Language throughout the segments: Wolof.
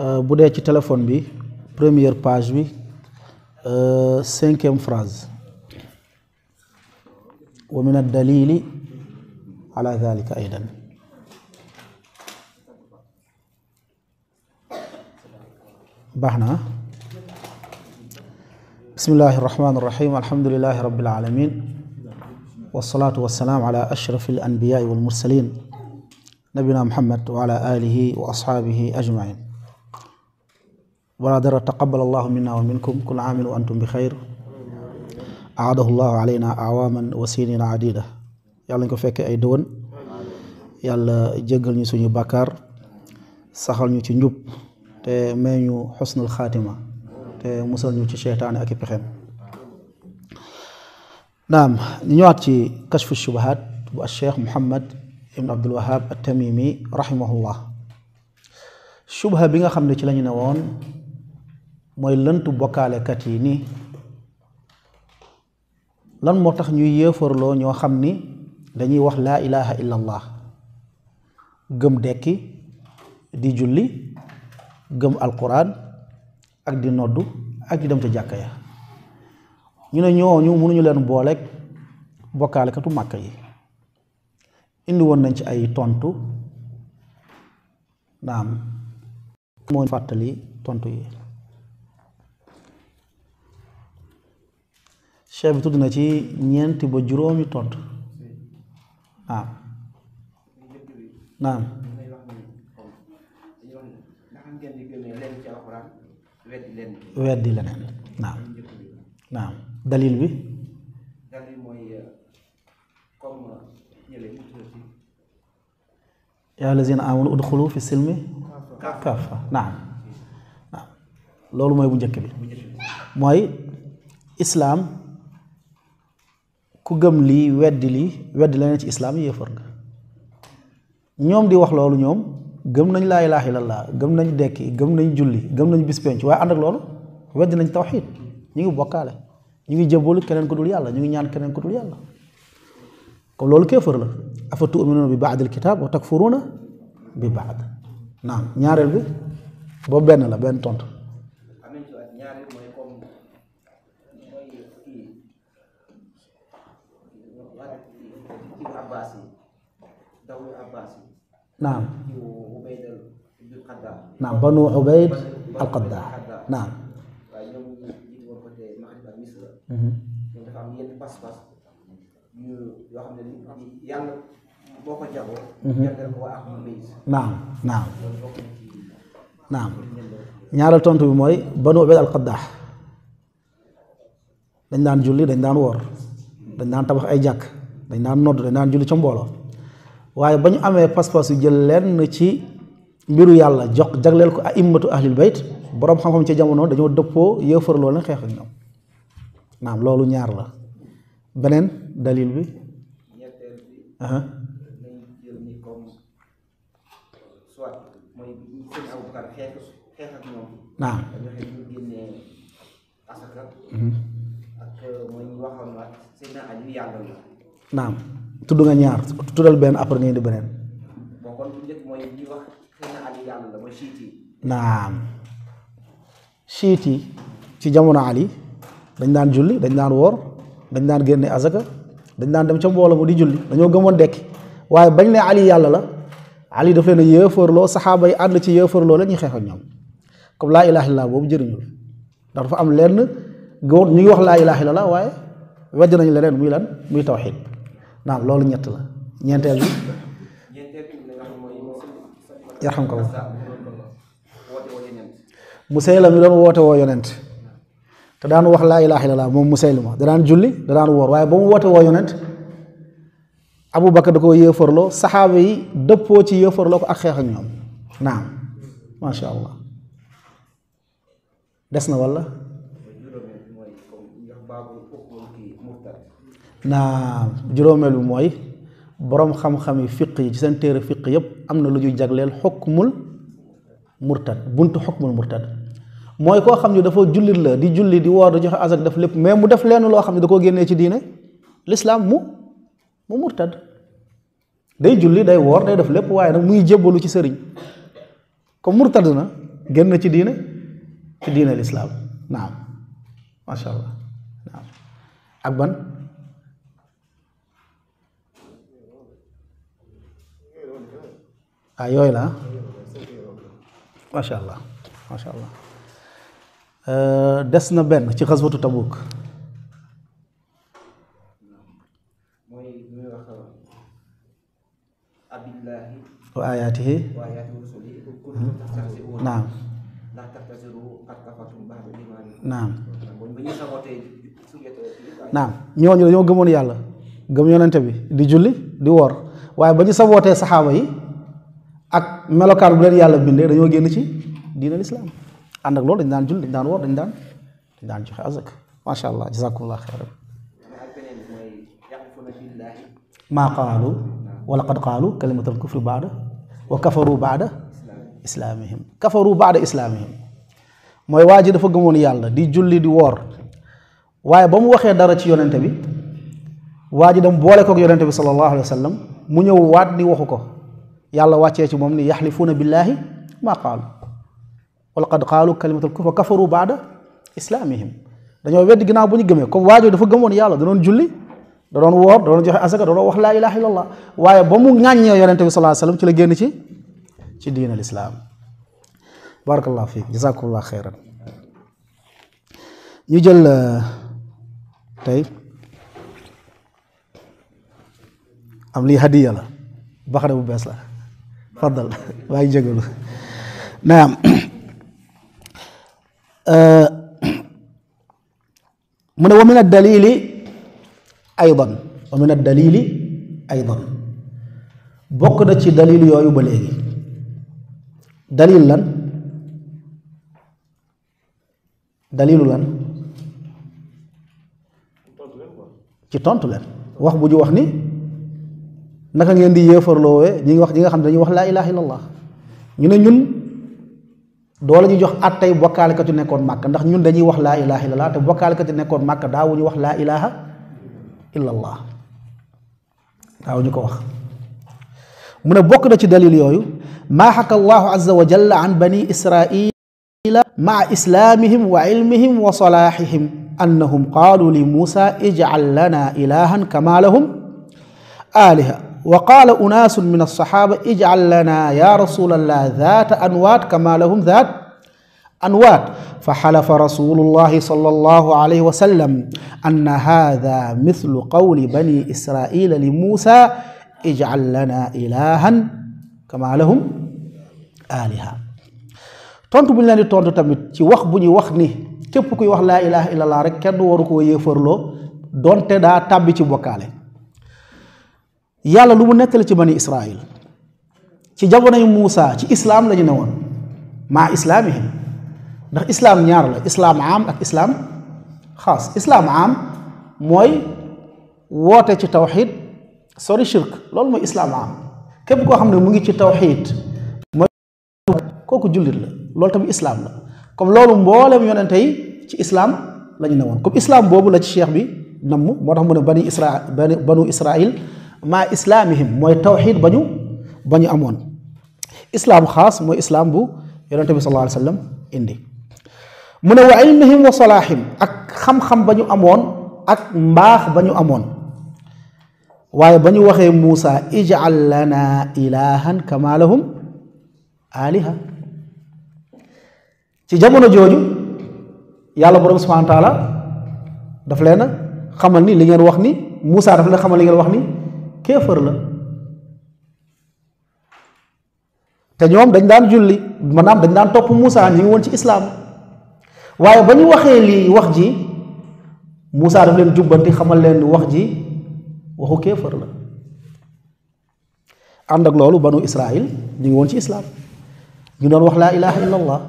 Euh, bu dee ci téléphone bi première page bi euh, cinquième phrase wa min dalili ala dhalika aydan baax na بسم الله الرحمن الرحيم الحمد لله رب العالمين والصلاة والسلام على أشرف الأنبياء والمرسلين نبينا محمد وعلى آله وأصحابه أجمعين برادر تقبل الله منا ومنكم كل عام وأنتم بخير أعاده الله علينا أعواما وسنين عديدة يلا نكو فك أي دون يلا جنجل ني سونو بكار saxal ñu ci حسن الخاتمة te musal ñu ci cheytaane ak i pexeem naam ñu ñëwaat ci kashfu shubahat bu alcheikh muhammad ibn abdul wahab at-tamimi rahimahullah shubha bi nga xam ne ci lañu ne woon mooy lëntu bokkaalekat yi ni lan moo tax ñuy yéefarloo ñoo xam dañuy wax laa ilaha illallah. allah gëm dekki di julli gëm alquran ak di noddu ak di dem ci jakka ya ñu ne mënu ñu leen booleeg katu makka yi indi woon nañ ci ay tontu naam moo fàttali tontu yi cheikh bi tudd na ci ñeenti ba juróomi tontu naam naam weddi leneen naam naam dalil bi euh, euh, yaa allazina amanu udxulu fi silmi kaafa naam naam loolu mooy bu njëkk bi mooy islaam ku gëm lii weddi lii weddi leneen ci islaam yéefar nga ñoom di wax loolu ñoom gëm nañ la ilaha illallah gëm nañ dekki gëm nañ julli gëm nañ bis penc waaye ànd ak loolu wedd nañ tawhid ñi ngi bokalé ñi ngi jëbbalu keneen ku dul yalla ñi ngi ñaan keneen ku dul yàlla kon loolu kéefër la afa tuuminuuna bi baadil kitaab wa takfuruna bi ba'd naam ñaarel bi bo ben la ben tont Nah. naam banu ubayd alqaddaa naam mhm. naam naam naam ñaareel tontu bi mooy banu ubayd alqaddaa dañ daan julli dañ daan woor dañ daan tabax ay jàkk dañ daan nodd dañ daan julli ca mbooloo waaye ba ñu amee pas yu jël lenn ci mbiru yàlla jox jagleel ko aimmatu ahlil bayt borom xam-xam ci jamono dañoo dëppoo yëfarloo na xeex ak ñoom naam loolu ñaar la beneen dalil bi naam mhm. naam tudd nga ñaar tuddal benn après nga indi beneen naam siit yi ci jamono Ali dañ daan julli dañ daan woor dañ daan génne azaka dañ daan dem ca mbooloo mu di julli dañoo gëmoon dekki waaye bañ ne Ali yàlla la Ali daf leen a yéefarloo saxaaba yi ànd ci yéefarloo la ñuy xeex ak ñoom comme laa ilaaha la boobu jëriñul ndax dafa am lenn góor ñu wax laa ilaaha illallaah waaye wedd nañ leneen muy lan muy tawxiid naam loolu ñett la ñeenteel bi yarxam ko Musaylima mi doon woote woo yonent te daan wax laa ilaaha illallah moom Musaylima da daan julli da daan woor waaye ba mu woote woo yonent Abubakar da koo yéefarloo saxaaba yi dëppoo ci yéefarloo ko ak xeex ak ñoom naam macha allah des na walla naam juróomeel bi mooy boroom xam-xam yi fiq yi ci seen téere fiq yépp am na lu ñuy jagleel xukmul murtad buntu hukmul murtad moy ko xamni dafa jullit la di julli di woor di joxe azak def lepp mais mu def len lo xamni da ci diine l'islam mu mu murtad day julli day wor day def lepp waye nak muy bolu ci sëriñ ko murtad na genné ci diine ci diiné l'islam naam masha allah naam ak ban ah la ah. Masya allah Masya allah eh, des na ben ci xaswatu Tabuk wa ayaatihi hmm. naam naam naam ñooñu dañoo gëmoon yàlla gëm yonente bi di julli di woor waaye ba ñu sabootee yi ak melokaan bu leen yàlla bindee dañoo génn ci diinal islam ànd ak loolu dañ daan jul dañ daan woor dañ daan dañ daan joxe azak macha allah jazakumullah xeyran maa qaalu wa laqad qaalu kalimatal kufri baada wa kafaru baada islaamihim kafaru baada islaamihim mooy waa dafa gëmoon yàlla di julli di woor waaye ba mu waxee dara ci yonente bi waa ji dem boole kook yonente bi sallallahu alayhi wa mu ñëw waat ni waxu ko yalla wacce ya ci mom ni yahlifuna billahi ma qalu wala qad qalu kalimatul kufr kafaru ba'da islamihim dañu wedd ginaaw buñu gëmé comme waajoo dafa gëmon yalla da doon julli da doon wor da doon joxe asaka da doon wax la ilaha illallah waye ba mu Islam. yaronte bi alayhi wasallam ci la genn ci ci diin al barakallahu fiik jazakumullahu khairan ñu jël euh, tay am li hadiya la bu bes la faddal maa ngi naam mu ne wa min ad aydan wa min aydan bokk na ci dalil yooyu ba léegi dalil lan dalilu lan ci tontu leen wax bu ñu wax ni naka ngeen di yéefarloowee ñi wax ñi nga xam ne dañuy wax laa ilaha illallah ñu ne ñun doo la ñu jox at tey bokkaalekatu nekkoon màkk ndax ñun dañuy wax laa ilaha illallah te bokkaalekatu nekkoon màkk daawuñu wax laa ilaha daawuñu ko wax mu ne bokk na ci dalil yooyu maa xaka allahu azza wa jalla bani israila maa islaamihim wa ilmihim wa salaahihim annahum qaalu li muusa ijcal lana ilahan kama lahum وقال أناس من الصحابة اجعل لنا يا رسول الله ذات أنوات كما لهم ذات أنوات فحلف رسول الله صلى الله عليه وسلم أن هذا مثل قول بني إسرائيل لموسى اجعل لنا إلها كما لهم آلهة تونت bu ñu تمت تي tontu بني ci wax bu ñuy wax ni képp kuy wax laa ilaha illallah rek kenn waru koo yéefarloo donte yàlla lu mu nettali ci bani israil ci jamonoy Muusa ci islaam la ñu newoon maa islaamihim ndax islaam ñaar la islaam am ak islaam xaas islaam am mooy woote ci tawxid sori shirk loolu mooy islaam am képp koo xam ne mu ngi ci tawxid mooy kooku jullit la loolu tamit islaam la comme loolu mbooleem yonente yi ci islaam la ñu newoon comme islaam boobu la ci cheikh bi namm moo tax mu ne bani isra ma islamihim moy tawhid bañu bañu amone Islam khas, moy Islam bu yonente bi sallallahu Alaihi Wasallam indi mune wa ilmihim wa salahim ak xam-xam bañu amone ak mbax bañu amone waye bañu waxe musa ij'al lana ilahan kama lahum aliha ci jamono joju yalla borom subhanahu wa taala daf leena xamal ni li ngeen wax ni musa daf leena xamal li ngeen wax ni kéefër la te ñoom dañ daan julli maanaam dañ daan topp Moussa ñu ngi woon ci islaam waaye ba ñu waxee lii wax ji Moussa daf leen jubbanti xamal leen wax ji waxu kéefër la ànd ak loolu banu Israël ñu ngi woon ci islaam ñu doon wax laa ilaha illallah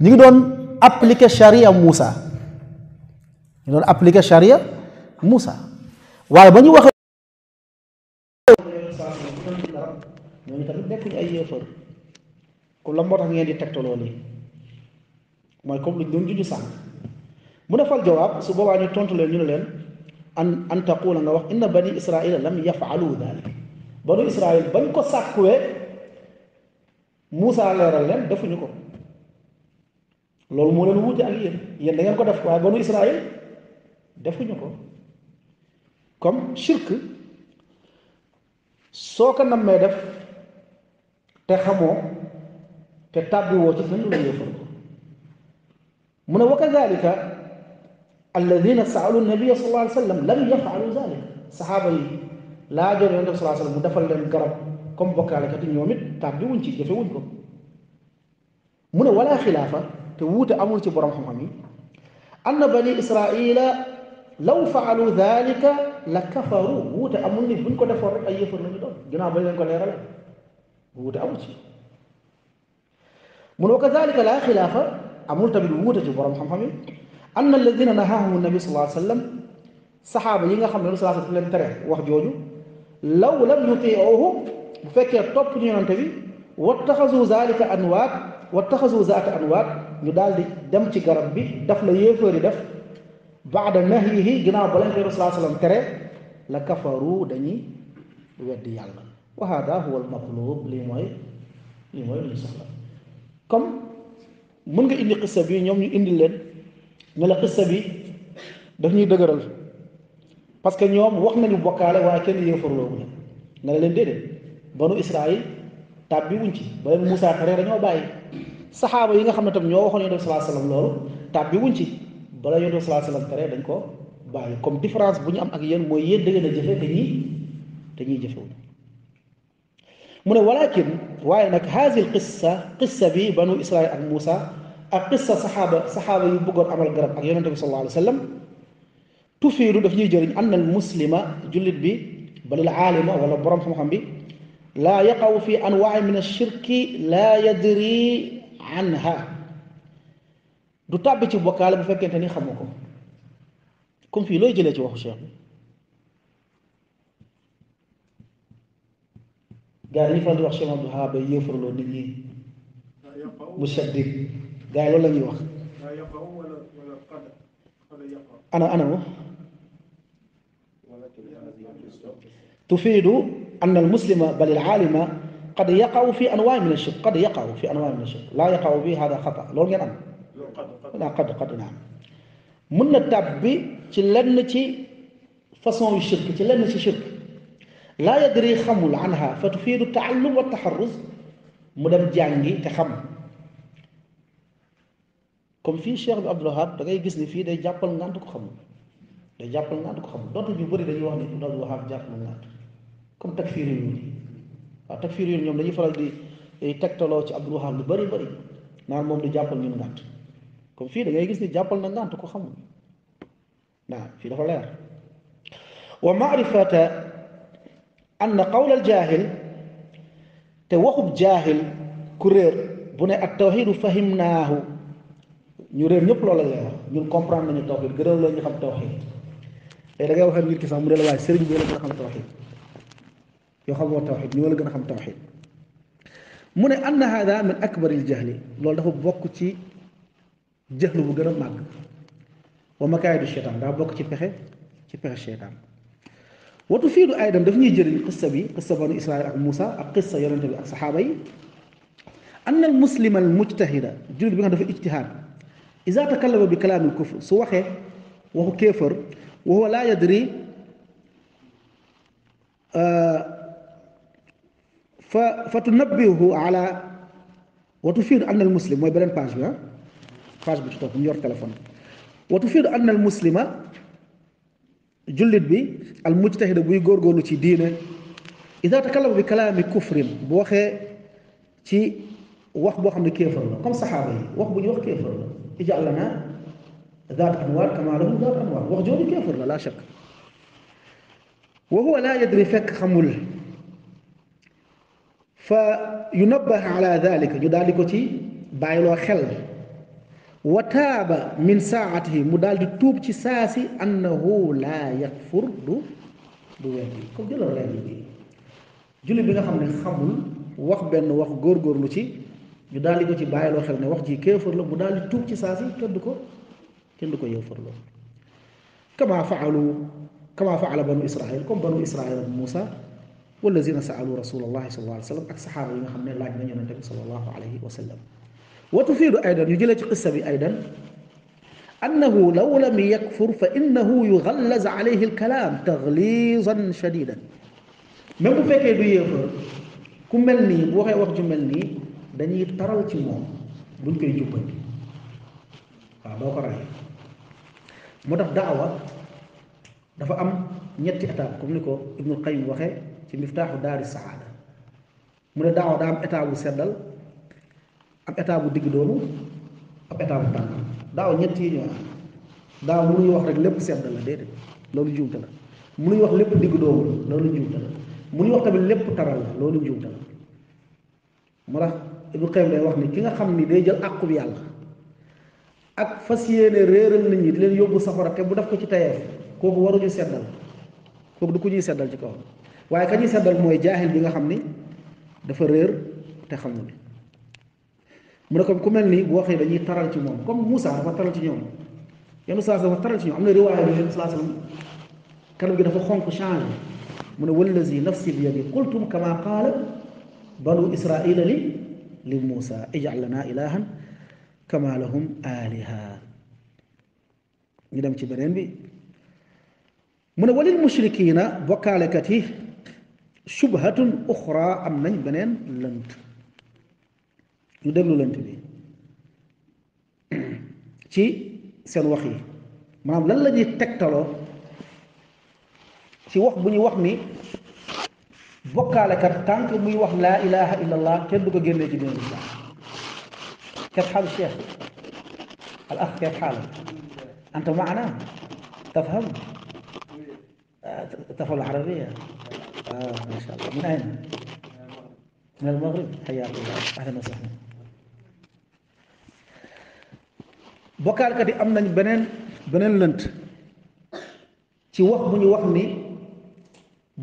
ñu ngi doon appliquer sharia Moussa ñu doon appliquer sharia Moussa waaye ba ñu waxee ñoo ñooñu tamit nekkuñ ay yéefar ku la moo tax ngeen di tegtaloo nii mooy comme luñ doon juju sànq mu defal jawaab su boobaa ñu tontu leen ñu ne leen an an taqula nga wax inna bani israila lam yafalu dalik banu israil bañ ko sàkkuwee Moussa leeral leen defuñu ko loolu moo leen wuute ak yéen yéen da ngeen ko def waaye banu israil defuñu ko comme shirk soo ko kan nammee def te xamoo te tàbbi woo ci fenn lu yéefar mu ne wa kadalika alladina saalu nabia sallallahu alayhi wa sallam lam yafalu zalik saxaaba yi laa joon yonent bi sallallahu alayhi wa sallam mu defal leen garab comme bokkaalekat yi ñoom it tàbbi wuñ ci jafe wuñ ko mu ne wala xilaafa te wuute amul ci borom xam-xam yi anna bani israila law faalu dalika la kafaru wuute amul ni buñ ko defoon rek ay yëfar la ñu doon ginnaaw bañ leen ko leeralal wuute amu ci mu ne wa kadalika laa xilaafa amul tamit wuute ci borom xam-xam yi anna alladina nahaahum nabi sallallahu alayhi wa sallam saxaaba yi nga xam ne lu sallallahu alayhi wa tere wax jooju law lam yutiuhu bu fekkee topp ñu yonante bi wattaxasu zalika anwaat wattaxasu anwaat ñu daal di dem ci garab bi daf la yéefari def baada nahyihi ginnaaw ba lañ koy tere la kafaru dañuy weddi yàlla wa hada huwa al matlub lii mooy lii mooy luñu soxla comme mën nga indi xissa bi ñoom ñu indi leen ne la xissa bi daf ñuy dëgëral parce que ñoom wax nañu bokkaale waaye kenn yéefarloogu leen nga ne leen déedéet banu israil bi wuñ ci ba leen Moussa xaree dañoo bàyyi saxaaba yi nga xam ne tam ñoo waxoon yonent bi salaa sallam loolu tàbbi wuñ ci bala yonent bi salaa sallam tere dañ ko bàyyi comme différence bu ñu am ak yéen mooy yéen da ngeen a jëfe te ñii te ñuy من ولكن وينك هذه القصة قصة بنو إسرائيل أم موسى القصة صحابة صحابة يبقر عمل قرب أن النبي صلى الله عليه وسلم تفيد دف جيجر أن المسلم جلد بي بل العالم ولا برم محمد بي لا يقع في أنواع من الشرك لا يدري عنها دو tàbbi ci bokkaale bu fekkente ni xamu ko comme fii looy jëlee ci gaa yi faral di wax cheikh abdou haba yéefarloo nit ñi musaddid gaa yi loolu la ñuy wax ana ana wo tufiidu an almuslima bal alaalima قد يقع في انواع من الشرك قد يقع في انواع من الشرك لا يقع به هذا خطا لول غير ام لا قد قد نعم من تاب بي تي لن تي فاصون الشرك تي لن تي شرك laa yadri xamul anha fa tufiidu taallum wa taxarrus mu dem jàngi te xam comme fii Cheikh bi Abdoul Wahab da ngay gis ni fii day jàppal ngànt ko xamul day jàppal ngànt ko xamul dootul ñu bëri dañuy wax ne Abdoul Wahab jàppal ngànt comme takfiir yu ñuul waaw takfiir yu ñoom dañuy faral di tegtaloo ci Abdoul Wahab lu bëri bëri naan moom du jàppal ñun ngànt comme fii da ngay gis ni jàppal na ngànt ko xamul waaw fii dafa leer wa maarifata أن قول الجاهل توهب جاهل كرير بناء التوحيد فهمناه نورير نقل ولا لا نقل كمبران من التوحيد كرير ولا نقل التوحيد أي لقاء وخير نقل كسام مريل واي سرين بيولا نقل التوحيد يخاف هو التوحيد نقل نقل التوحيد من أن هذا من أكبر الجهل لولا هو بوكو تي جهل بغنا مغ ومكايد الشيطان دا بوكو تي فخي الشيطان وتفيد ايضا داف ني جيرن قصه بي قصه بني اسرائيل اك موسى القصه قصه يونت بي اك ان المسلم المجتهد جيرن بيغا داف اجتهاد اذا تكلم بكلام الكفر سو وخه وهو كافر وهو لا يدري آه، ف فتنبهه على وتفيد ان المسلم موي بلان باج بي باج بي نيور تليفون وتفيد ان المسلم جلد بي المجتهد بوي غور تي دين اذا تكلم بكلام كفر بو وخه تي واخ بو خامني كفر لا كوم صحابه واخ بو ني واخ كفر لا اجعلنا ذات انوار كما له ذات انوار واخ جوني كيفر لا لا شك وهو لا يدري فك خمول فينبه على ذلك جو داليكو تي بايلو خيل وتاب من ساعته مدال دي توب تي ساسي انه لا يغفر دو دو وادي كوم جلو ري دي جولي بيغا خامني خامول واخ بن واخ غور غور لو تي ني دال ديكو تي باي لو خيل ني واخ جي كيفر لو مدال دي توب تي ساسي تدكو تندكو يوفر لو كما فعلوا كما فعل بنو اسرائيل كوم بنو اسرائيل موسى والذين سالوا رسول الله صلى الله عليه وسلم اك صحابه يغا خامني لاج نيو نتي صلى الله عليه وسلم وتفيد ايضا يجلج قصه بي ايضا انه لو لم يكفر فانه يغلز عليه الكلام تغليظا شديدا ميم فكي دو يفر كو ملني بوخي واخ جو ملني داني تراو تي موم بون كاي جوبال وا دوكو راي موتاخ دعوه دا فا ام نيتي اتاب كوم نيكو ابن القيم واخي في مفتاح دار السعاده مو دعوه دا ام اتاب سدال ab état bu digg doomu ak état bu tàng daaw ñett yi ñoo am daaw mënuñu wax rek lépp seddal la déedéet loolu juumte la mënuñu wax lépp digg doomu loolu juumte wax tamit lépp taral la loolu juumte la moo tax Ibnu day wax ni ki nga xam ni day jël bu yàlla ak fas yéene réeral nit ñi di leen yóbbu safara te bu def ko ci tayeef kooku waruñu seddal kooku du ko ñuy seddal ci kaw waaye ka ñuy seddal mooy jaahil bi nga xam ni dafa réer te xam mu ne ko ku mel nii bu waxee dañuy taral ci moom comme Moussa dafa taral ci ñoom yenn saa dafa taral ci ñoom am na riwaaya bi yenn saa sallam kanam gi dafa xonk changé mu ne wallazi nafsi bi yadi qultum kama qaala banu israila li li Moussa ijal lana ilahan kama lahum aliha ñu dem ci beneen bi mu ne walil mushrikina bokkaalekat yi shubhatun uxra am nañ beneen lënt ñu déglu lent bi ci seen wax yi maanaam lan la ñuy tegtaloo ci wax bu ñu wax ni bokkaalekat tant que muy wax laa ilaha illallah kenn du ko génnee ci biir islam كيف حال الشيخ الأخ كيف حالك أنت معنا تفهم تفهم العربية آه ما شاء الله من أين من المغرب حياك الله أهلا وسهلا bokkaalkat yi am nañ beneen beneen lënt ci wax bu ñu wax ni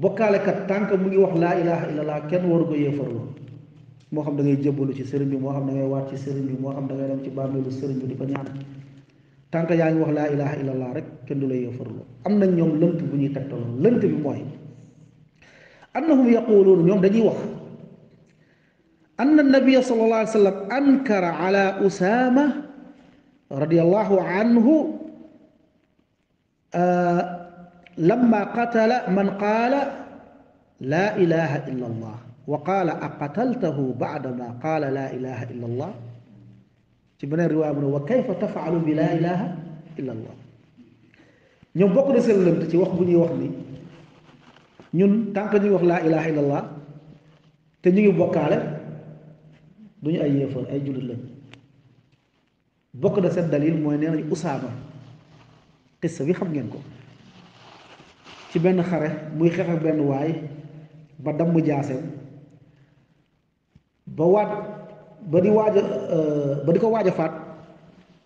bokkaalekat tànk mu ngi wax laa ilaha illallah kenn waru ko yéefarloo moo xam da ngay jébbalu ci sëriñ bi moo xam da ngay waat ci sëriñ bi moo xam da dem ci bàmmeelu sëriñ bi di ko ñaan tànk yaa ngi wax laa ilaha illallah rek kenn du la yéefarloo am nañ ñoom lënt bu ñuy tegtaloo lënt bi mooy annahum yaquluun ñoom dañuy wax anna nabia sallallahu alayhi wa ankara ala usama رضي الله عنه آه، لما قتل من قال لا إله إلا الله وقال أقتلته بعدما قال لا إله إلا الله تبنى الرواية من وكيف تفعل بلا إله إلا الله ñom bokku na seen وقبني وقبني bu ñuy wax لا إله إلا الله wax la ilaha illallah te ñu ngi bokkale bokk na seen dalil mooy nee nañ usaama xissa bi xam ngeen ko ci benn xare muy xeex ak benn waay ba damm jaaseem ba waat ba di waaj euh, ba di ko waaj a faat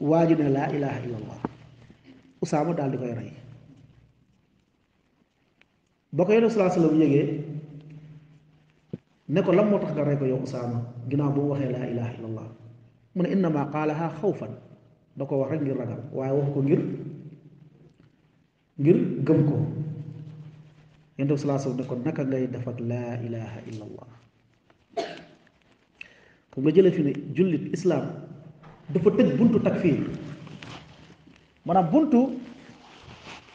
waaju ne laa ilaha illallah usaama daal di koy rey ba ko yonent salaa sallam yëgee ne ko lan moo tax nga rey ko yow usaama ginnaaw bu mu waxee laa ilaha illallah mu ne innama qaalaha xawfan da ko wax rek ngir ragal waaye wax ko ngir ngir gëm ko yonent bi salaa sallam ne ko naka ngay def ak laa ilaha illa allah nga jëlee fi ne jullit islaam dafa tëj buntu takfiir maanaam buntu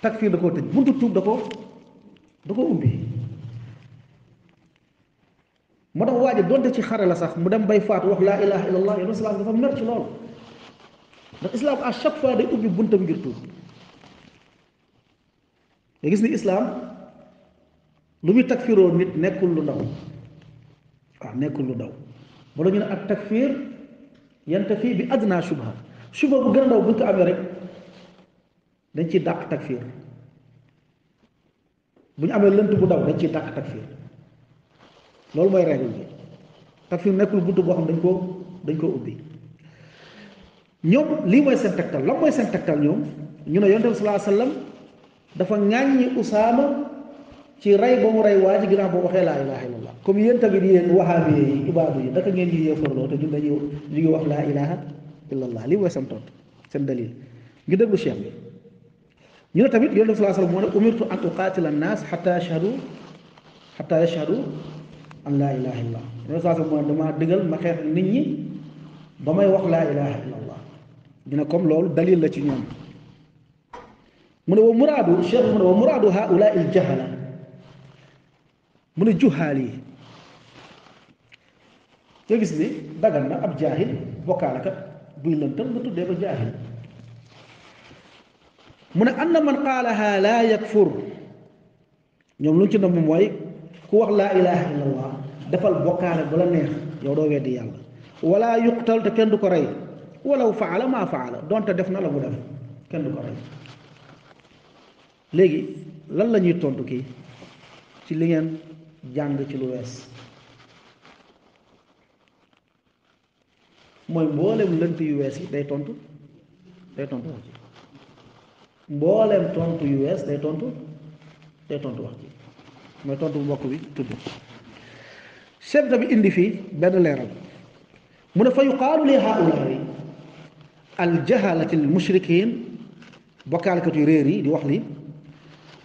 takfiir da koo tëj buntu tuub da ko da ko ubbi moo tax waa ji donte ci xare la sax mu dem bay faatu wax laa ilaha illallah yoonu islam dafa mer ci loolu ndax islam à chaque fois day ubbi buntam ngir tuub nga gis ni islam lu muy takfiroo nit nekkul lu ndaw waaw nekkul lu ndaw moo la ñu ne ak takfir yantafi bi adna shubha shubha bu gën a buñ ko amee rek dañ ciy dàq takfir bu ñu amee lënt bu ndaw dañ ci dàq takfir loolu mooy règle bi takfir nekkul buntu boo xam dañ koo dañ koo ubbi ñoom lii mooy seen tegtal lan mooy seen tegtal ñoom ñu ne yonent bi salaa sallam dafa ŋàññi Usaama ci rey ba mu rey waa ji ginnaaw boo waxee laa ilaha illallah comme yéen tamit yéen wahaabi yi ibaadu yi naka ngeen ñuy yéefarloo te ñun dañuy wax laa ilaha illallah lii mooy seen tontu seen dalil ñu déglu cheikh tamit yonent moo ne umirtu an uqaatila an naas xata yashhadu xata yashhadu am laa ilaha illallah yonent saa sallam mu xeex nit ñi ba may wax laa ilaha illallah ñu ne comme loolu dalil la ci ñoom mu ne wa muraadu cheikh mu ne wa juhaal yi nga gis ni dagan na ab jaahil bokkaalekat buy lëntal nga tuddee ba jaahil mu ne anna man qaalaha laa yakfur ñoom lu ñu ci nam mooy ku wax laa ilaha illallah defal bokkaale bu la neex yow doo weddi yàlla wala yuqtal te kenn du ko rey walaw faala maa faala donte def na la mu def kenn du ko rey léegi lan la ñuy tontu kii ci li ngeen jàng ci lu wees mooy mboolem lënt yu wees yi day tontu day tontu yu wees day tontu day tontu wax ji mooy tontu bu mbokk bi tudd chef bi indi fii benn leeral mu ne fa yuqaalu li haulaai aljahalati almushrikin bokkaalkat yu réer yi di wax li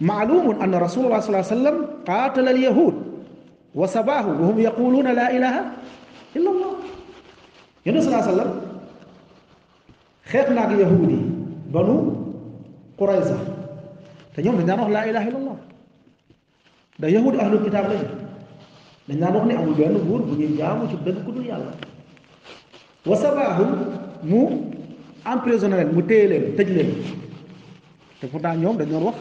maalumun anna rasulullah sallallahu alayhi wa sallam qaatala alyahud wa sabaahum wa hum yaquluuna laa ilaha illa allah yonent sallallahu alayhi wa sallam xeex naag yahud yi banu qurayza te ñoom dañ daan wax laa ilaha illa allah da yahudi ahlul kitab lañu dañ daan wax ne amul benn buur bu ñuy jaamu ci dëgg ku dul yàlla wasabaahum mu emprisonné leen mu téye leen tëj leen te pourtant ñoom dañ doon wax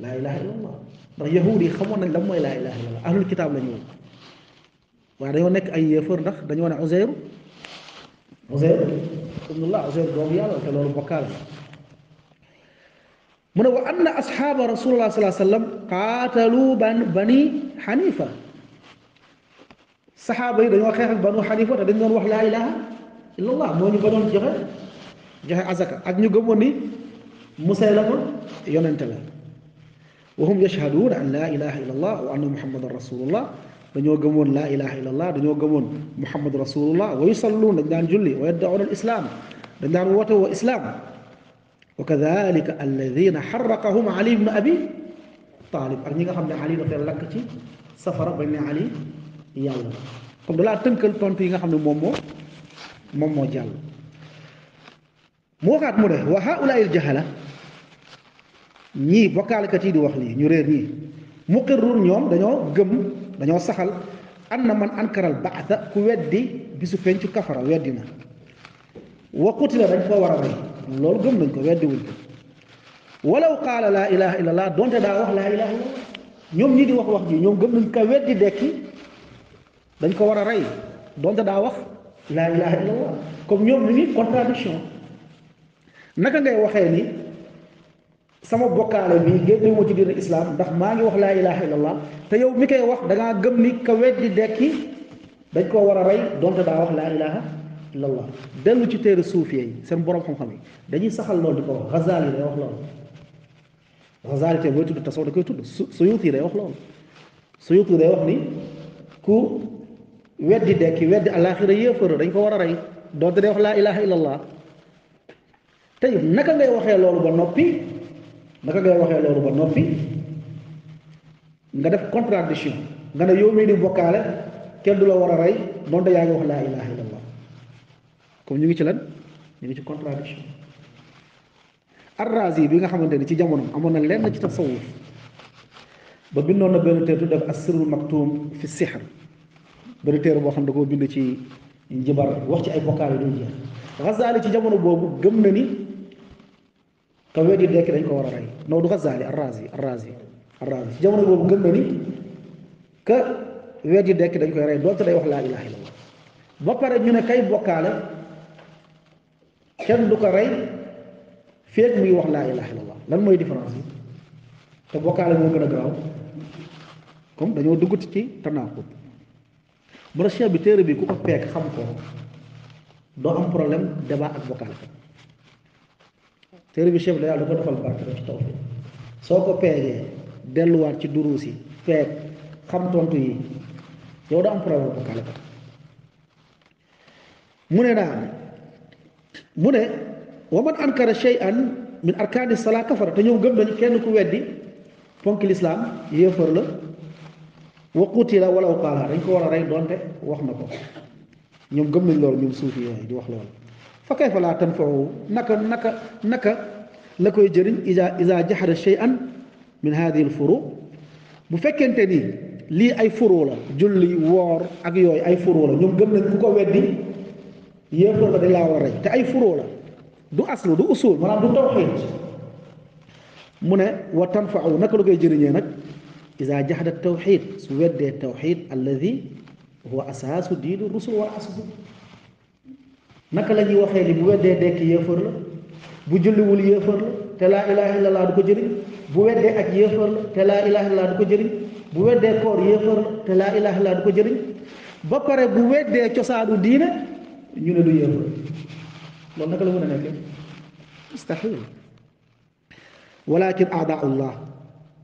laa ilaha illallah ndax yahud yi xamoon nañ lan mooy laa ilaha illallah ahlul kitaab la ñu woon waaye dañoo nekk ay yéefar ndax dañoo ne Uzayr Uzayr ibnullah Uzayr doomu yàlla te loolu bokkaale mu ne wa anna ashaaba rasulullah sallallahu alayhi wa sallam qaatalu ban bani xanifa saxaaba yi dañoo xeex ak banu xanifa te dañ doon wax laa ilaha illallah moo ñu ba doon joxe joxe azaka ak ñu gëmoon ni musaylama yonente la wa hum yashhaduuna an laa ilaha illallah wa anna muhammadan rasulullah dañoo gëmoon laa ilaha illallah dañoo gëmoon muhammad rasulullah wa yusalluun dañ daan julli wa yaddacuuna al islaam dañ daan woote woo islaam wa kadalika alladina xaraqahum ali ibnu abi taalib ak ñi nga xam ne ali dafay lakk ci safara bañ ne ali yàlla kon dalaa tënkal tontu yi nga xam ne moom moo moom moo jàll mu waxaat mu ne wa haulaayil jahala ñii bokkaalekat yi di wax lii ñu réer ñii muqirrun ñoom dañoo gëm dañoo saxal an na man ankaral baata ku weddi bisu pencu kafara weddi na wa qutila dañ koo war a rey loolu gëm nañ ko weddiwuñ ko walaw qaala laa ilaha illa allah donte daa wax laa ilaha illa allah ñoom ñii di wax wax ji ñoom gëm nañ ko weddi dekki dañ ko war a rey donte daa wax laa ilaha illallah comme ñoom ñu ngi contradiction naka ngay waxee ni sama bokkaale bi génne ma ci diina islam ndax maa ngi wax laa ilaha illallah te yow mi koy wax dangaa gëm ni ka weddi dekki dañ ko war a rey donte daa wax laa ilaha illallah dellu ci téere suuf yi seen borom xam-xam yi dañuy saxal loolu di ko wax Ghazali day wax loolu Ghazali te booy tudd tasawuf da koy tudd su Suyuti day wax loolu Suyuti day wax weddi dekki weddi alaaxira yéefara dañ ko war a rey doonte day wax laa ilaha illallah tey naka ngay waxee loolu ba noppi naka ngay waxee loolu ba noppi nga def contradiction nga ne yow mii di bokkaale kenn du la war a rey doonte yaa ngi wax laa ilaha illallah comme ñu ngi ci lan ñu ngi ci contradiction Arrazi bi nga xamante ni ci jamono amoon na lenn ci tasawuf ba bindoon na benn teetu def asirul maktum fi sihr benn téere boo xam da koo bind ci njibar wax ci ay bokkaal yi dul jeex Xasaali ci jamono boobu gëm na ni ka yi dekk dañ ko war a rey non du Xasaali Arrazi Arrazi Arrazi ci jamono boobu gëm na ni ka weddi dekk dañ koy rey doonte day wax laa ilaaha illallah ba pare ñu ne kay bokkaale kenn du ko rey feeg muy wax laa ilaaha illallah lan mooy différence bi te bokkaale moo gën a gaaw comme dañoo dugg ci tanaaqud brochère bi téere bi ku ko peeg xam ko doo am problème débat ak vocal téere bi chef de yàlla da ko defal barke def ci taw soo ko peegee delluwaat ci duruus yi peeg xam tontu yi yow doo am problème vocal ko mu ne daan mu ne wa man ankara shay'an min arkaani salaa kafara te ñoom gëm nañ kenn ku weddi ponk lislaam yéefar la wa qutila wala uqaala dañ ko war a rey wax na ko ñoom gëm nañ loolu ñoom suufi yooyu di wax loolu fa kayfa laa tanfau naka naka naka la koy jëriñ isa isa jaxara shay'an min hadihi furu bu fekkente ni lii ay furu la julli woor ak yooyu ay furu la ñoom gëm nañ ku ko weddi yéefar la dañ laa war a rey te ay furu la du aslu du usul maanaam du tawxiid mu ne wa tanfau naka la koy jëriñee nag إذا جحد التوحيد سويد التوحيد الذي هو أساس الدين الرسول دين الرسل والأسس نك لا جي وخي لي بويد دي ديك يفر لا بو جولي وول يفر لا تلا اله الا الله دكو جيري بو ودي اك يفر لا تلا اله الا الله دكو جيري بو ودي كور يفر تلا اله الا الله دكو جيري با كوري بو ودي إله إلا الله نلو يفر لون نك لا مونا نك مستحيل ولكن اعداء الله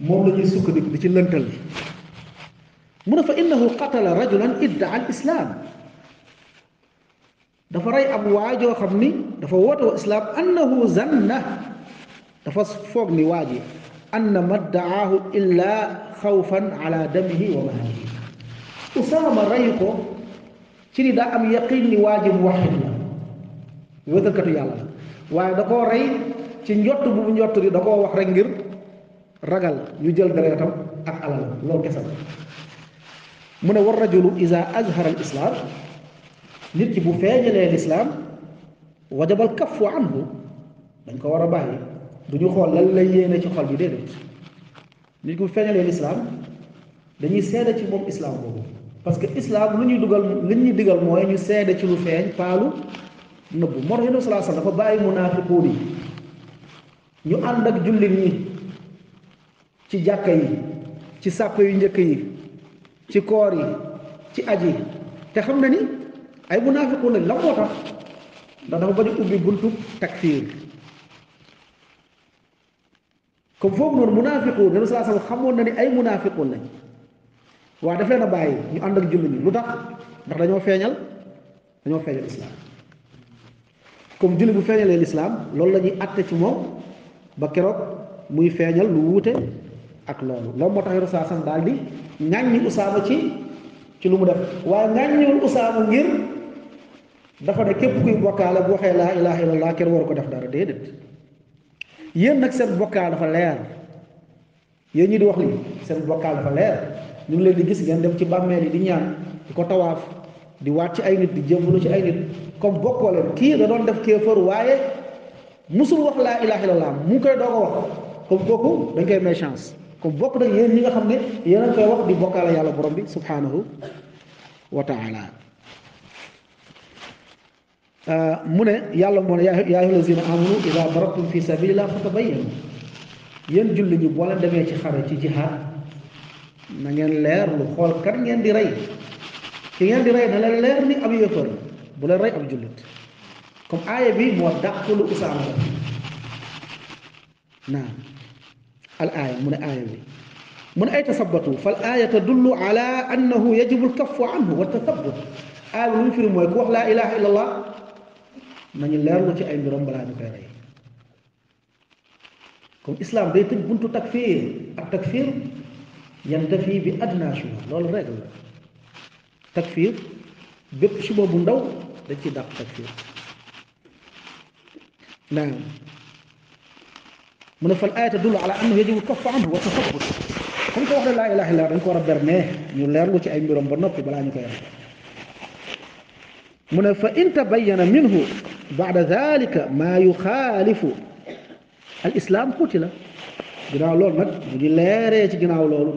moom la ñuy sukkandiku di ci lëntal li mu ne fa innahu qatala rajulan iddaa al islaam dafa rey ab waajoo xam ni dafa woote wa islaam annahu zanna dafa foog ni waaji anna ma daahu illa xawfan ala damihi wa maalihi usaama rey ko ci ni daa am yaqin ni waaji mu waxit la wégalkatu yàlla waaye da koo rey ci njott bu mu njott di da koo wax rek ngir ragal ñu jël deretam ak alal loolu kese la mu ne war rajulu isa azhara al islaam nit ki bu feeñalee lislaam wajabal kafu anhu dañ ko war a bàyyi du ñu xool lan la yéene ci xool bi déedéet nit ki bu feeñalee lislaam dañuy seede ci moom islaam boobu parce que islaam lu ñuy dugal li ñuy digal mooy ñu seede ci lu feeñ paalu nëbbu moo tax yonent bi sallallahu alayhi wasallam dafa bàyyi munaafiquun yi ñu ànd ak jullit ñi ci jàkka yi ci sàpp yu njëkk yi ci koor yi ci aj yi te xam na ni ay munaafiku lañ la moo tax ndax dafa bañ a ubbi buntu takfiir comme foofu noonu munaafiku nabi saa sallam xamoon na ni ay munaafiku lañ waaye daf leen a bàyyi ñu ànd ak jullit ñi lu tax ndax dañoo feeñal dañoo feeñal islam comme jullit bu feeñalee lislaam loolu lañuy ñuy àtte ci moom ba keroog muy feeñal lu wuute ak loolu loolu moo tax yoro saa sam daal di ŋàññi usaama ci ci lu mu def waaye ŋàññiwul usaama ngir dafa ne képp kuy bokkaale bu waxee laa ilaha illallah kenn war ko def dara déedéet yéen nag seen bokkaal dafa leer yéen ñi di wax li seen bokkaal dafa leer ñu ngi leen di gis ngeen dem ci bàmmeel yi di ñaan di ko tawaaf di waat ci ay nit di jëmbalu ci ay nit comme bokkoo leen kii da doon def kéefër waaye musul wax laa ilaha illallah mu koy doog a wax comme kooku dañ koy may chance ko bokk nag yeen ñi nga xamne yeen koy wax di bokkala yalla borom bi subhanahu wa taala euh, mu ne yàlla moo ya yaa amanu fi sabilillah fatabayyanu yeen julli ñi bo la deme ci xara ci jihad na ngeen leer lu xol kat ngeen di ray ki ngeen di ray na leen leer ni ab yéefar bu la ray ab jullit comme aya bi mo usama na الآية من آية من أي تثبتوا فالآية تدل على أنه يجب الكف عنه والتثبت آية من في ويكوح لا إله إلا الله من الله رجع أي من رب كم إسلام بيتك بنت تكفير التكفير ينتفي بأدنى شوى لول رجل تكفير بيك بندو لكي داق تكفير نعم mu ne fal aaya tadullu ala annahu yajibu kaffu anhu wa tasabbut comme que wax na laa ilaha illa dañ ko war a berne ñu leerlu ci ay mbirom ba noppi balaa ñu koy wax mu ne fa in tabayyana minhu baada dalika maa yuxaalifu al islam qutila ginnaaw loolu nag bu ñu leeree ci ginnaaw loolu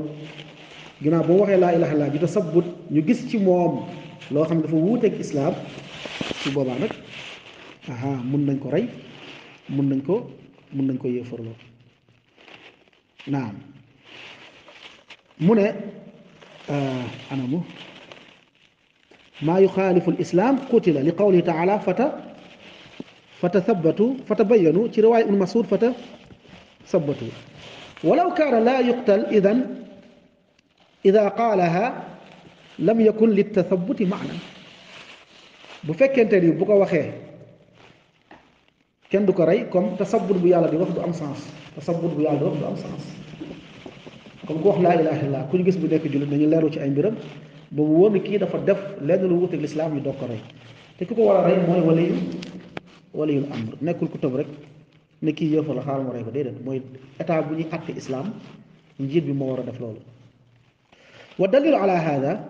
ginnaaw boo waxee laa ilaha illa bi tasabbut ñu gis ci moom loo xam ne dafa wuuteeg islam su boobaa nag aha mun nañ ko rey mun nañ ko mun nañ ko yéefarloo naam mu ne anamu maa yuxaalifu lislaam qutila li qawlihi taala fata fatathabatu fatabayanu ci riwaaya ibn masud fata sabbatu walaw kaana laa yuqtal idan ida qaalaha lam yakun litathabuti maana bu fekkente ni bu ko waxee kenn du ko rey comme tasabbur bu yàlla di wax du am sens tasabbur bu yàlla di wax du am sens comme ku wax laa ilaha illallah ku ñu gis bu nekk jullit dañu leeru ci ay mbiram ba mu wóor ni kii dafa def lenn lu wuuteeg lislaam ñu doog ko rey te ku ko war a rey mooy waliyu waliyul amr nekkul ku tëb rek ne kii yëfa la xaaral ma rey ko déedéet mooy état bu ñuy àtte islaam njiit bi moo war a def loolu wa dalilu ala hada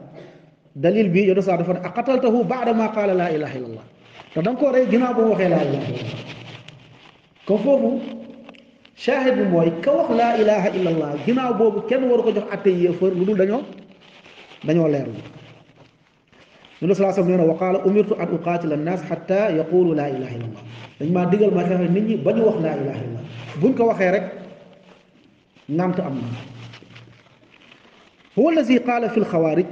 dalil bi yoonu saa dafa ne aqataltahu baada ma qaala laa ilaha illallah te da nga koo rey ginnaaw boo waxee laa ilaha illallah كفوفو شاهد موي كوخ لا اله الا الله جنا بوب كين وركو جوخ اتي يفر لودو دانيو دانيو لير نبي صلى الله عليه وسلم وقال امرت ان اقاتل الناس حتى يقولوا لا اله الا الله دنج ما ديغال ما خا نيت ني باني وخ لا اله الا الله بون كو وخي رك نامتو امنا هو الذي قال في الخوارج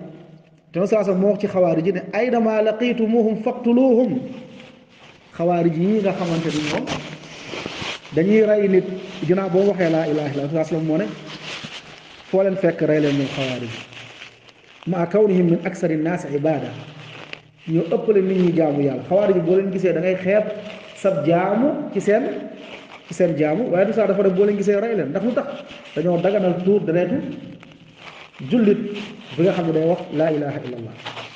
تنو صلى الله عليه وسلم موخ سي خوارج ني ايدما لقيتموهم فقتلوهم خوارج ني غا خامتاني نيوم dañuy rey nit ginnaaw boo waxee laa ilaha illallah sallam moo ne foo leen fekk rey leen ñoom xawaarij maa kawnihim min aksari naas ibada ñoo ëppale nit ñi jaamu yàlla boo leen gisee da ngay xeeb sab jaamu ci seen seen jaamu waaye du boo leen gisee rey leen ndax lu tax dañoo daganal tuur dereetu jullit bi nga xam ne day wax laa ilaha illallah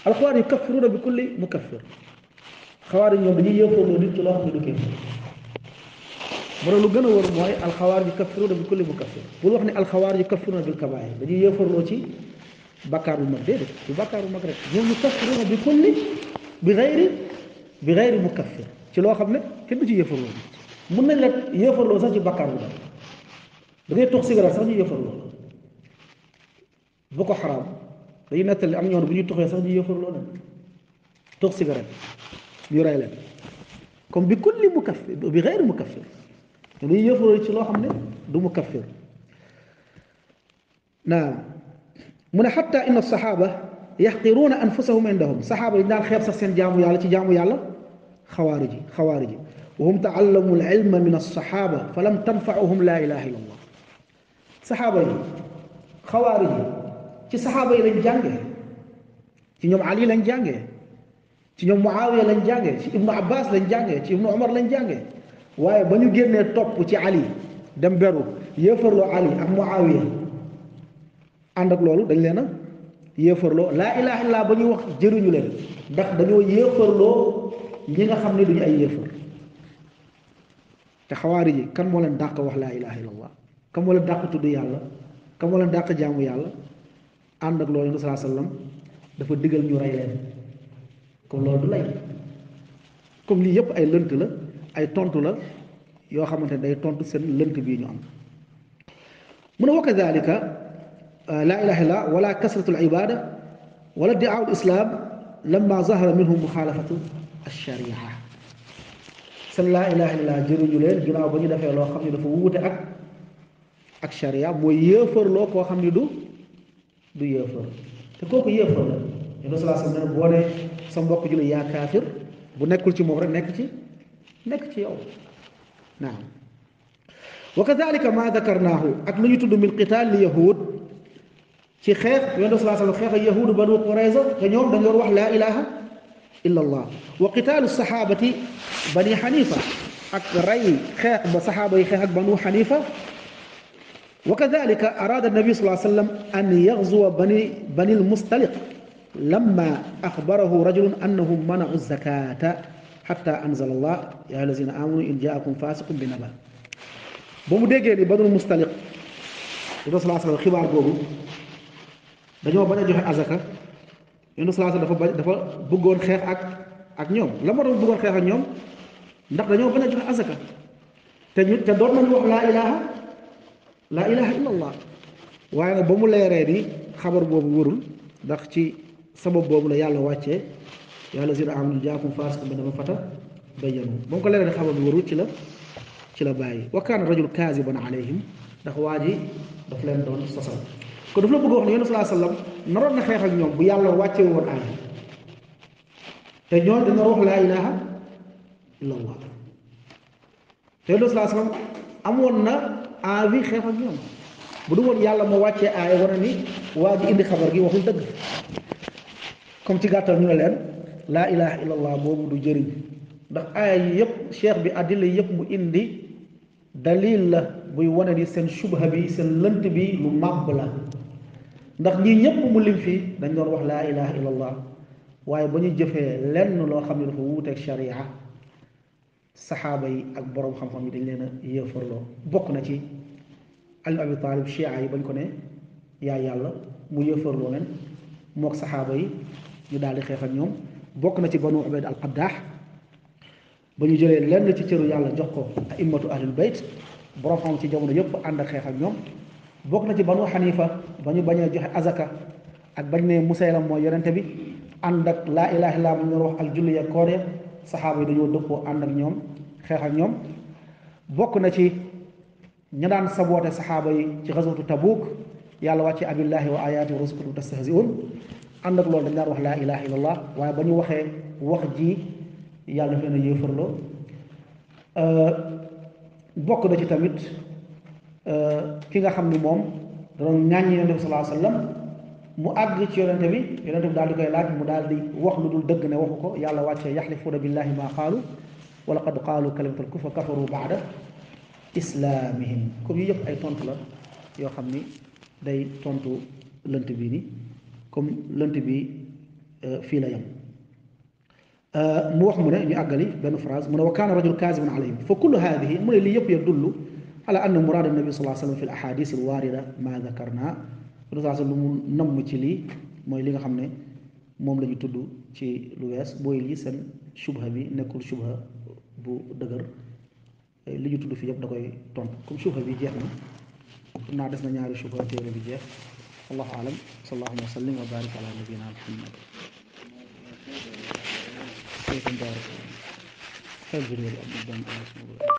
alxawaarij yukaffiruuna bi kulli mukaffir xawaarij ñoom dañuy yëppooloo nit ci loo xam ne du képp mu ne lu gën a wóor mooy alxawaar yu kafiruna bi kulli mukaffir bul wax ne alxawaar yu kafiruna bil kabaayir dañuy yëfarloo ci bakkaar bu mag déedéet du bakkaar bu mag rek ñoom yu kafiruna bi kulli bi xayri bi xayri mukaffir ci loo xam ne kenn du ci yëfarloo mun nañ la yëfarloo sax ci bakkaar bu mag da ngay tox sigaret sax ñu yëfarloo bu ko xaraam dañuy nettali am ñoon bu ñuy toxee sax ñu yëfarloo leen tox sigaret ñu rey leen comme bi kulli mukaffir bi xayri mukaffir te liy yëfu rëy ci loo xam ne du mu kaffir naam mu ne xatta inna saxaaba yaxqiruuna anfusahum indahum saxaaba yi daan xeeb sax seen jaamu yàlla ci jaamu yàlla xawaarij yi xawaarij yi وهم تعلموا العلم من الصحابة فلم تنفعهم لا إله إلا الله صحابة خوارج ci saxaaba yi lañ jàngee ci ñoom Ali lañ jàngee ci ñoom Muawiya lañ jàngee ci Ibnu Abbas lañ jàngee ci Ibnu Omar lañ jàngee waaye ba ñu génnee topp ci ali dem beru yéefarloo ali ak muawiya ànd ak loolu dañ leen a yéefarloo laa ilaha illaa ba ñuy wax jëruñu leen ndax dañoo yéefarloo ñi nga xam ne duñu ay yéefar te xawaari ji kan moo leen dàq wax laa ilaha illallah kan moo leen dàq tudd yàlla kan moo leen dàq jaamu yàlla ànd ak loolu salaa sallam dafa digal ñu rey leen kon loolu du lay comme lii yépp ay lënt la ay tontu la yoo xamante day tontu seen lënt bii ñu am mu ne wa kadalika laa ilaha illa wala kasratul ibada wala diaau islam lamma zahara minhu ash-shari'a sen la ilaha illa jëru ñu leen ginaaw ba ñu defee loo xam ne dafa wuute ak ak sharia mooy yéefarloo koo xam ne du du yéefar te kooku yéefar la yéen a salaa sallam boo ne sa mbokk jullit yaa kaafir bu nekkul ci moom rek nekk ci نكت يوم نعم وكذلك ما ذكرناه اكلني تد من قتال اليهود في خيف يوند صلى الله عليه وسلم يهود بنو قريظه يوم دا نور لا اله الا الله وقتال الصحابه بني حنيفه اكري خيف بصحابه خيف بنو حنيفه وكذلك اراد النبي صلى الله عليه وسلم ان يغزو بني بني المصطلق لما اخبره رجل أنهم منعوا الزكاه xatta anzala allah ya allazina amanu in jaakum fasiqun bi naba ba mu déggee ni ba mustaliq yonent salaa sallam a joxe azaka yonent dafa bañ dafa bëggoon xeex ak ak ñoom la moo tax bëggoon xeex ak ñoom ndax dañoo bañ a joxe azaka te ñu te doon nañu wax laa ilaha laa ilaha illa allah waaye nag ba mu leeree ni xabar boobu wërul ndax ci sabab boobu la yàlla wàcce yaa lazina amanu jaakum faasiqun bi nabain fatabayyanu ba mu ko leeralee xabar bi warul ci la ci la bàyyi wa kaana rajul kaasiban alayhim ndax waa ji daf leen doon sosal kon daf la bëgg wax ne yonent salaa sallam naroon na xeex ak ñoom bu yàlla wàcce woon aaya te ñoom dina wax laa ilaha illa allah te yonent salaa sallam amoon na envie xeex ak ñoom bu du woon yàlla moo wàccee aaya wane ni waa ji indi xabar gi waxul dëgg comme ci gàttal ñu ne leen لا إله إلا الله مو دو جيرن دا آي ييب شيخ بي أدلة ييب مو إندي دليل لا بوي واني سن شبهه بي سن لنت بي لو ماب لا دا ني ييب مو لم في دا نون لا إله إلا الله واي با ني جيفه لن لو خامي دا فو ووتك شريعه صحابه اك بروم خام خام دي لينا ييفرلو بوك نا سي ال ابي طالب شيعه بن كو يا يالا مو الله لن موك صحابه يي ñu daal di xeex bokk na ci banu ubayd al qaddaax ba ñu jëlee lenn ci cëru yàlla jox ko aimmatu ahlul bayt borom xam ci jamono yëpp ànd ak xeex ak ñoom bokk na ci banu xanifa ba ñu bañee joxe azaka ak bañ ne musaylam mooy yonente bi ànd ak laa ilaha illa mu ñor wax ak julli ya koor saxaaba yi dañoo dëppoo ànd ak ñoom xeex ak ñoom bokk na ci ña daan saboote saxaaba yi ci xaswatu tabuk yàlla wàcce abillahi wa ayaati wa rasuluhu tastahziun ànd ak loolu dañ daan wax laa ilaha illallah waaye ba ñu waxee wax ji yàlla na na yéefarloo euh, bokk na ci tamit euh, ki nga xam ni moom da doon ñaañ yonente bi salaa mu àgg ci yonente bi yonente bi daal di koy laaj mu daal di wax lu dul dëgg ne waxu ko yàlla wàccee yaxlifuuna billahi maa qaalu wa laqad qaalu kalimatal kufri kafaru baada islaamihim comme yu yëpp ay tontu la yoo xam ni day tontu lënt bii nii comme lënt bi euh, fii la yem euh, mu wax mu ne ñu àggali benn phrase mu ne wa kaana rajul kaasibun alayhim fa kullu haadihi mu ne lii yëpp yadullu ala anna muraada nabi sallallahu alayhi wa sallam fi l ahadis al lu mu namm ci lii mooy li nga xam ne moom la tudd ci lu wees booy lii seen shubha bi nekkul shubha bu dëgër li ñu tudd fii yëpp da koy tontu comme shubha bi jeex na naa des na ñaari shubha téere bi jeex الله أعلم صلى الله عليه وسلم وبارك على نبينا محمد كيف نبارك حلو جميل جدا